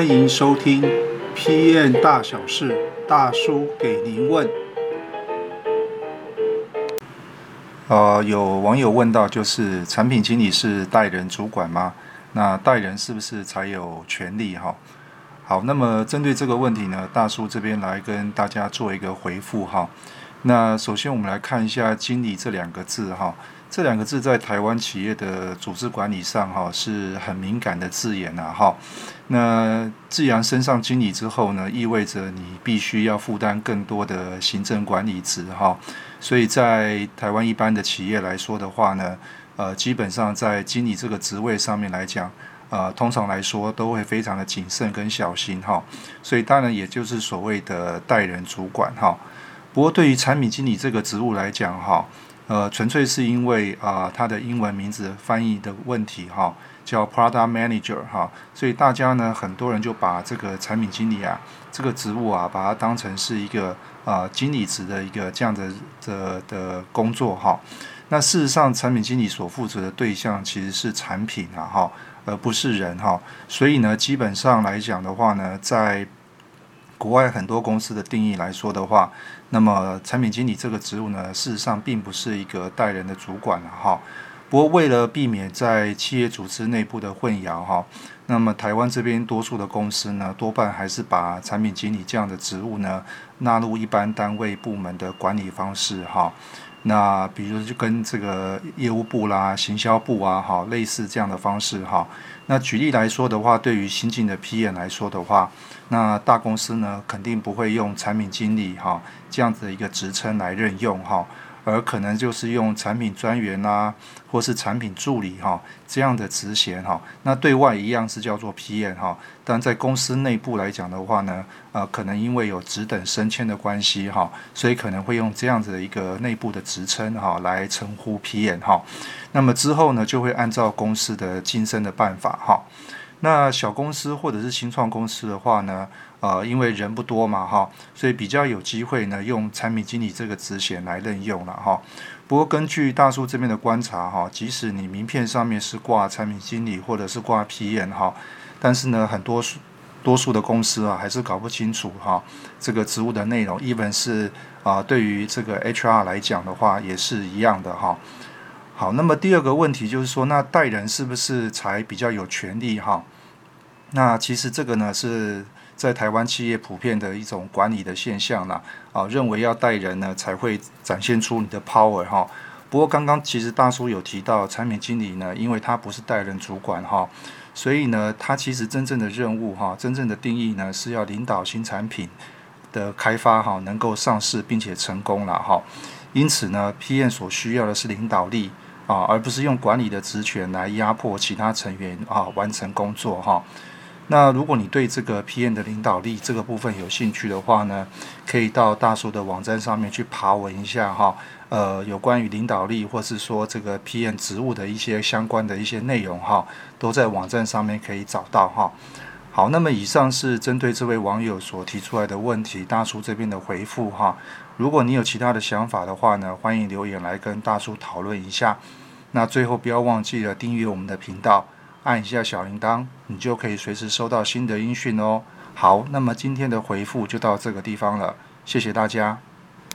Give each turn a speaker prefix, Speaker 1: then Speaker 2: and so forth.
Speaker 1: 歡迎收聽《PM 大小事》，大叔給您問。呃，有網友問到，就是產品經理是帶人主管嗎？那帶人是不是才有權力哈？好，那麼針對這個問題呢，大叔這邊來跟大家做一個回復哈。那首先我們來看一下“經理”這兩個字哈。這兩個字在台灣企業的組織管理上，哈，是很敏感的字眼吶，哈。那自然升上經理之後呢，意味着你必須要負擔更多的行政管理職，哈。所以在台灣一般的企業來說的話呢，呃，基本上在經理這個職位上面來講，呃，通常來說都會非常的謹慎跟小心，哈。所以當然也就是所謂的帶人主管，哈。不過對於產品經理這個職務來講，哈。呃，純粹是因為啊、呃，他的英文名字翻譯的問題哈、哦，叫 Product Manager 哈、哦，所以大家呢，很多人就把這個產品經理啊，這個職務啊，把它當成是一個啊、呃、經理職的一個這樣的的的工作哈、哦。那事實上，產品經理所負責的對象其實是產品啊哈、哦，而不是人哈、哦。所以呢，基本上來講的話呢，在國外很多公司的定義來說的話，那麼產品經理這個職務呢，事實上並不是一個帶人的主管了、啊、哈。不過為了避免在企業組織內部的混淆哈，那麼台灣這邊多數的公司呢，多半還是把產品經理這樣的職務呢，納入一般單位部門的管理方式哈。那，比如就跟這個業務部啦、行銷部啊，好，類似這樣的方式哈。那舉例來說的話，對於新進的 PM 來說的話，那大公司呢，肯定不會用產品經理哈這樣子的一個職稱來任用哈。好而可能就是用產品專員啦、啊，或是產品助理哈、啊、這樣的職銜哈，那對外一樣是叫做 PM 哈，但在公司內部來講的話呢，呃，可能因為有職等升遷的關係哈、啊，所以可能會用這樣子的一個內部的職稱哈來稱呼 PM 哈，那麼之後呢，就會按照公司的晉升的辦法哈、啊。那小公司或者是新創公司的話呢，呃，因為人不多嘛，哈，所以比較有機會呢，用產品經理這個職銜來任用了，哈。不過根據大叔這邊的觀察，哈，即使你名片上面是掛產品經理或者是掛 PM，哈，但是呢，很多數多數的公司啊，還是搞不清楚，哈，這個職務的內容。even 是啊、呃，對於這個 HR 來講的話，也是一樣的，哈。好，那麼第二個問題就是說，那帶人是不是才比較有權力？哈？那其實這個呢，是在台灣企業普遍的一種管理的現象啦，啊，認為要帶人呢，才會展現出你的 power 哈。不過剛剛其實大叔有提到，產品經理呢，因為他不是帶人主管哈，所以呢，他其實真正的任務哈，真正的定義呢，是要領導新產品的開發哈，能夠上市並且成功了哈。因此呢，PM 所需要的是領導力啊，而不是用管理的職權來壓迫其他成員啊，完成工作哈。那如果你對這個 PM 的領導力這個部分有興趣的話呢，可以到大叔的網站上面去爬文一下哈。呃，有關於領導力或是說這個 PM 職務的一些相關的一些內容哈，都在網站上面可以找到哈。好，那麼以上是針對這位網友所提出來的問題，大叔這邊的回覆哈。如果你有其他的想法的話呢，歡迎留言來跟大叔討論一下。那最後不要忘記了，訂閱我們的頻道。按一下小鈴鐺，你就可以隨時收到新的音訊哦。好，那麼今天的回覆就到這個地方了，謝謝大家。